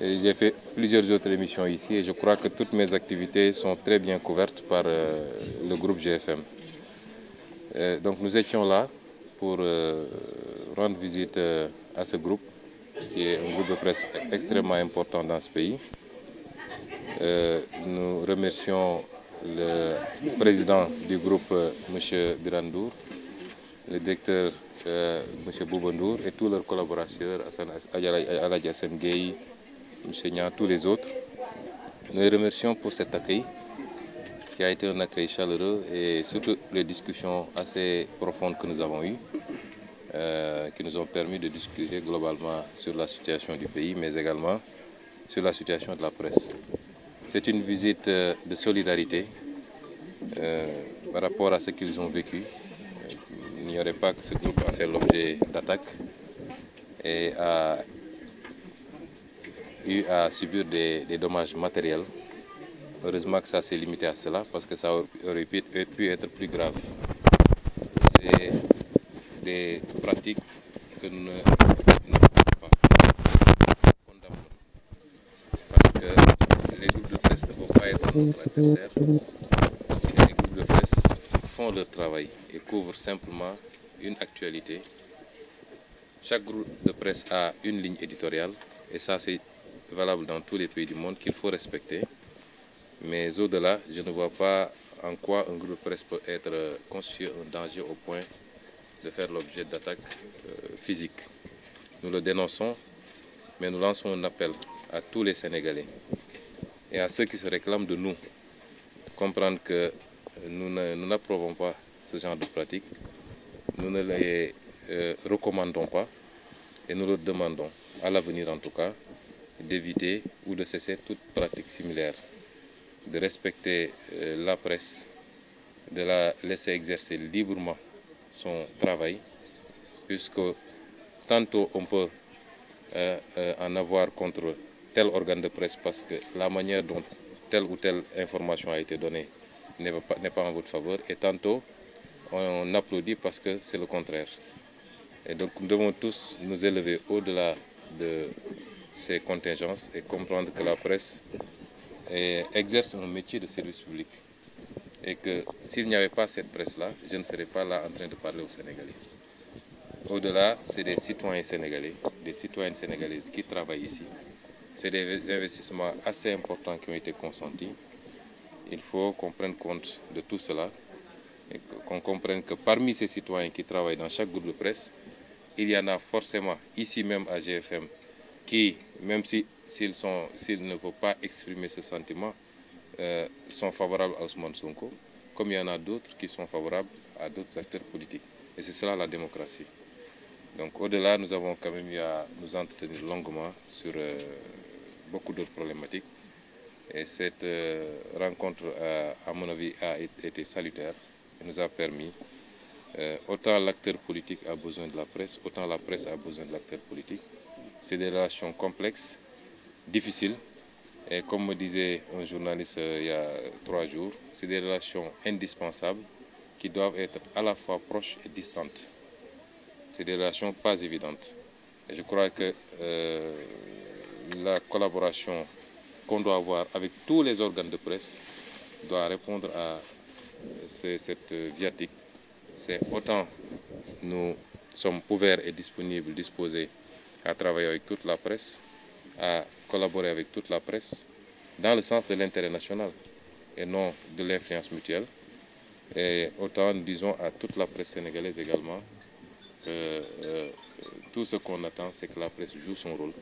J'ai fait plusieurs autres émissions ici et je crois que toutes mes activités sont très bien couvertes par euh, le groupe GFM. Euh, donc nous étions là pour euh, rendre visite à ce groupe, qui est un groupe de presse extrêmement important dans ce pays. nous remercions le président du groupe, M. Birandour, le directeur, M. Boubandour, et tous leurs collaborateurs, Aladia Semgei, M. tous les autres. Nous les remercions pour cet accueil, qui a été un accueil chaleureux et surtout les discussions assez profondes que nous avons eues, euh, qui nous ont permis de discuter globalement sur la situation du pays, mais également sur la situation de la presse. C'est une visite euh, de solidarité euh, par rapport à ce qu'ils ont vécu. Il n'y aurait pas que ce groupe a fait l'objet d'attaques et à à subir des, dommages matériels. Heureusement que ça s'est limité à cela parce que ça aurait pu, être plus grave. C'est des pratiques que nous ne pouvons pas Parce que les groupes de presse ne peuvent pas être notre adversaire. Les groupes de presse font leur travail et couvrent simplement une actualité. Chaque groupe de presse a une ligne éditoriale et ça c'est valable dans tous les pays du monde, qu'il faut respecter. Mais au-delà, je ne vois pas en quoi un groupe presse peut être euh, conçu un danger au point de faire l'objet d'attaques euh, physiques. Nous le dénonçons, mais nous lançons un appel à tous les Sénégalais et à ceux qui se réclament de nous, comprendre que euh, nous n'approuvons pas ce genre de pratiques, nous ne les recommandons pas et nous le demandons, à l'avenir en tout cas, d'éviter ou de cesser toute pratique similaire, de respecter euh, la presse, de la laisser exercer librement son travail, puisque tantôt on peut euh, euh, en avoir contre tel organe de presse parce que la manière dont telle ou telle information a été donnée n'est pas, en votre faveur, et tantôt on applaudit parce que c'est le contraire. Et donc nous devons tous nous élever au-delà de ces contingences et comprendre que la presse eh, exerce un métier de service public. Et que s'il n'y avait pas cette presse-là, je ne serais pas là en train de parler aux Sénégalais. Au-delà, c'est des citoyens sénégalais, des citoyennes sénégalaises qui travaillent ici. C'est des investissements assez importants qui ont été consentis. Il faut qu'on prenne compte de tout cela et qu'on comprenne que parmi ces citoyens qui travaillent dans chaque groupe de presse, il y en a forcément ici même à GFM qui, même s'ils ne peuvent pas exprimer ce sentiment, euh, sont favorables à Ousmane Sonko, comme il y en a d'autres qui sont favorables à d'autres acteurs politiques. Et c'est cela la démocratie. Donc au-delà, nous avons quand même eu à nous entretenir longuement sur euh, beaucoup d'autres problématiques. Et cette euh, rencontre, à mon avis, a été salutaire et nous a permis, autant l'acteur politique a besoin de la presse, autant la presse a besoin de l'acteur politique. C'est des relations complexes, difficiles. Et comme me disait un journaliste euh, il y a trois jours, c'est des relations indispensables qui doivent être à la fois proches et distantes. C'est des relations pas évidentes. Et je crois que euh, la collaboration qu'on doit avoir avec tous les organes de presse doit répondre à cette viatique. C'est autant nous sommes ouverts et disponibles, disposés à travailler avec toute la presse, à collaborer avec toute la presse, dans le sens de l'intérêt national et non de l'influence mutuelle. Et autant, nous disons à toute la presse sénégalaise également, que euh, tout ce qu'on attend, c'est que la presse joue son rôle,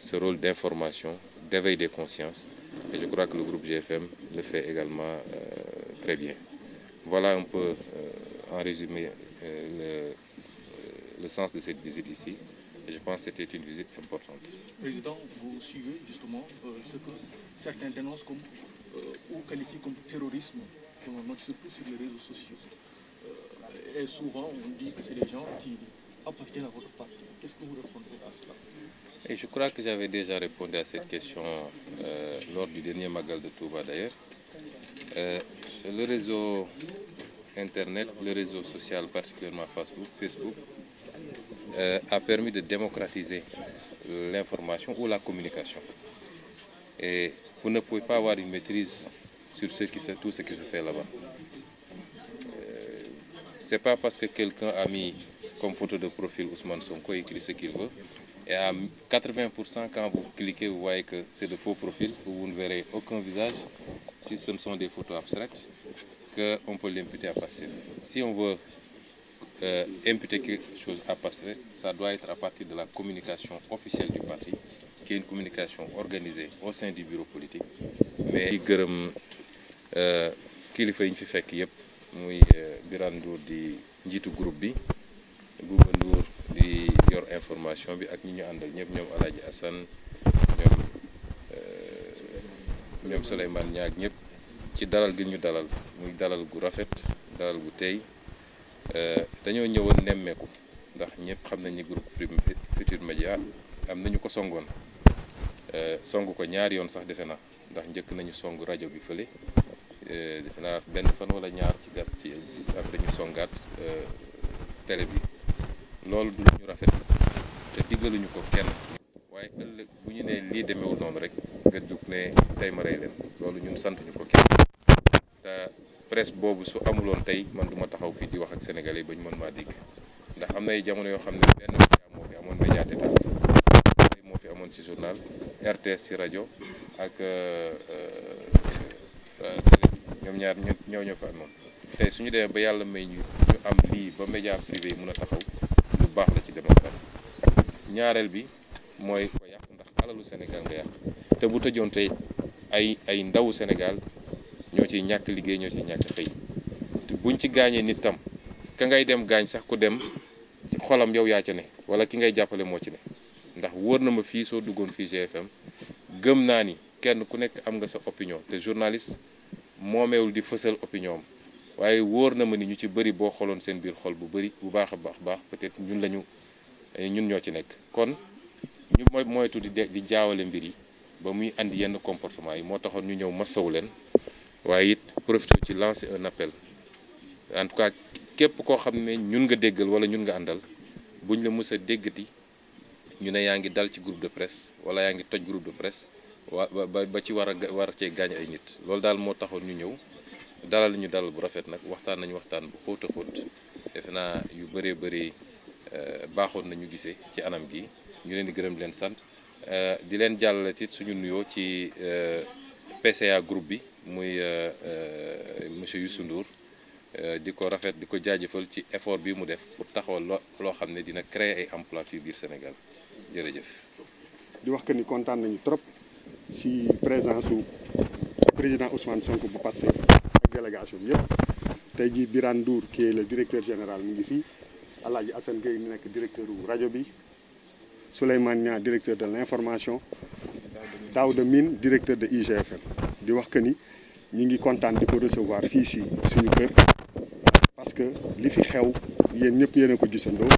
ce rôle d'information, d'éveil des consciences. Et je crois que le groupe GFM le fait également euh, très bien. Voilà un peu, euh, en résumé, le sens de cette visite ici je pense que c'était une visite importante. Président, vous suivez justement euh, ce que certains dénoncent comme, euh, ou qualifient comme terrorisme, que sur les réseaux sociaux. Euh, et souvent, on dit que c'est des gens qui appartiennent à votre parti. Qu'est-ce que vous répondez à cela et je crois que j'avais déjà répondu à cette question lors du dernier Magal de Touba d'ailleurs. le réseau Internet, le réseau social, particulièrement Facebook, Facebook euh, a permis de démocratiser l'information ou la communication. Et vous ne pouvez pas avoir une maîtrise sur ce qui tout ce qui se fait là-bas. Euh, c'est pas parce que quelqu'un a mis comme photo de profil Ousmane Sonko, écrit ce qu'il veut, et à 80% quand vous cliquez, vous voyez que c'est de faux profils, où vous ne verrez aucun visage, si ce ne sont des photos abstraites, qu'on peut l'imputer à passer. Si on veut euh, imputer quelque chose à passer, ça doit être à partir de la communication officielle du parti, qui est une communication organisée au sein du bureau politique. mais ce gërëm euh, kilifa yi c'est fi fekk yëpp muy groupe euh, groupe bi Bouba di yor information bi ak ñi ñu àndal ñëpp ñoom El nous sommes ñoom euh, ñoom Souleymane Niang ñëpp ci dalal gi ñu dalal muy Euh, dañoo ñëwoon nemmeeku ndax ñëpp xam nañ ni groupe Futurs Médias am nañu ko songoon euh, song ko ñaari yoon sax defe na ndax njëkk nañu song rajo bi fële euh, defe naa benn fan wala ñaar ci gàtt ci après ñu songaat télé bi loolu du ñu rafet te diggaluñu ko kenn waaye ëllëg bu ñu nee lii demeewul noonu rek nga jug ne tey ma rey leen loolu ñun sant ñu ko kenn. presse boobu su amuloon tey man du ma taxaw fii di wax ak sénégalais ba ñu mën maa dégg ndax am na ay jamono yoo xam ne benn média moo fi amoon média d'état moo fi amoon ci journal RTS ci rajo ak euh, euh, euh, ñoom ñaar ñoo fa amoon tey suñu demee ba yàlla may ñu ñu am lii ba média privé yi mën a taxaw lu baax la ci démocratie ñaareel bi mooy ko yàq ndax alalu Sénégal nga yàq te bu tëjoon tey ay ay ndawu Sénégal ñoo ciy ñàkk liggéey ñoo ciy ñàkk xëy te buñ ci gaañee nit tam ka ngay dem gaañ sax ku dem ci xolam yow yaa ci ne wala ki ngay jàppale moo ci ne ndax wóor na ma fii soo duggoon fii GFM gëm naa ni kenn ku nekk am nga sa opinion te journaliste moomeewul di fësal opinion am waaye wóor na ma ni ñu ci bëri boo xooloon seen biir xol bu bëri bu baax a baax baax peut-être ñun lañu eh, ñun ñoo ci nekk kon ñu moytu di jaawale mbir yi ba muy indi yenn comportement yi moo taxoon ñu ñëw masawu leen waaye it profité ci lancé un appel en tout cas képp koo xam ne ñun nga déggal wala ñun nga àndal bu ñu la mës a déggati ñu ne yaa ngi dal ci groupe de presse wala yaa ngi toj groupe de presse wa ba ba ci war a war cee gaañ ay nit loolu daal moo taxoon ñu ñëw dalal ñu dalal bu rafet nag waxtaan nañu waxtaan bu xóot a xóot defe naa yu bëree bëri euh, baaxoon nañu gisee ci anam gi ñu leen di gërëm leen sant euh, di leen jàllale ci suñu nuyoo ci euh, PCA groupe bi muy euh, euh, monsieur Youssou Ndour euh, di ko rafet di ko jaajëfal ci effort bi mu def pour taxawal loo loo xam ne dina créer ay emploi fii biir Sénégal jërëjëf. di wax que ni kontaan nañu trop si présence su président Ousmane Sonko bu passé ak délégation bi yëpp tey jii Birane Ndour qui est le directeur général mu ngi fii El Hadj Assane Gueye nekk directeur wu rajo bi Souleymane Niang directeur de l' information Daouda Mine directeur de IGFM. di wax que ni ñi ngi contane di recevoir fi ci suñu kër parce que li fi xew yeen ñëpp yéen a ko gisandoo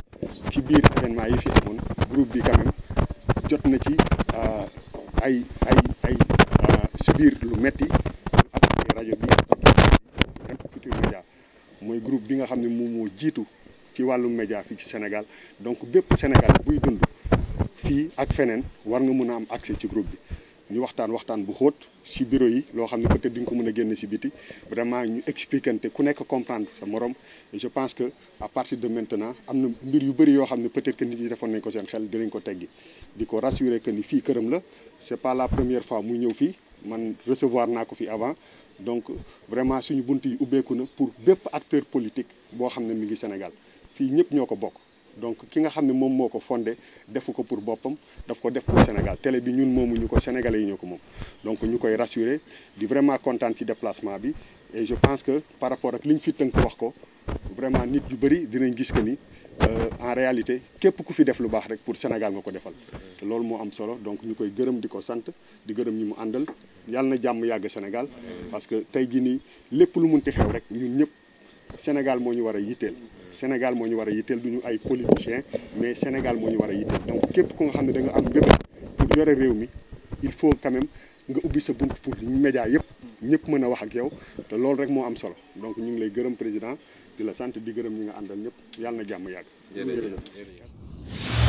ci biir événement yi fi amone groupe bi quand même jot na ci euh, ay ay ay ci euh, biir lu metti ak radio bi ak Futurs Senegal, moy groupe bi nga xam mo mo jitu ci walu média fi ci Sénégal donc Sénégal buy dund fi ak fenen war nga mëna am accès ci groupe bi ñu waxtaan waxtaan bu xoot ci bureau yi lo xam peut-être di ko mën a ci biti vraiment ñu expliquante ku nekk comprendre sa morom je pense que à partir de maintenant amna mbir yu bari yo xam peut-être que nit yi defoon nañ ko seen xel dinañ ko teggi diko rassurer que ni fi kërëm la c'est pas la première fois mu ñëw fi man recevoir n'a ko fi avant donc vraiment suñu bunt yi ubbeeku na pour bépp acteur politique boo xam ne mi ngi Sénégal fii ñëpp ñoo ko bokk donc ki nga xam mom moko fondé defuko pour bopam def pour Sénégal télé bi ñun momu ko sénégalais yi ñoo ko donc ñukoy rassurer di vraiment content ci déplacement bi et je pense que par rapport à ce fi teunk wax ko vraiment nit yu bari dinañ gis que euh, en réalité képp ku fi def lu rek pour Sénégal nga ko defal le loolu am solo donc ñukoy que gërëm di di gërëm ñi mu Sénégal parce que tay gi ni lépp lu xew rek Sénégal ñu Sénégal moo ñu war a yitteel du ñu ay politiciens mais Sénégal moo ñu war a yitteel donc képp ko nga xam ne da nga am mbébét pour yore réew mi il faut quand même nga ubbi sa bunt pour média yëpp ñëpp mën a wax ak yow te loolu rek moo am solo donc ñu ngi lay gërëm président di la sant di gërëm ñi nga àndal ñëpp yàlla na jàmm yàgg. jërëjëf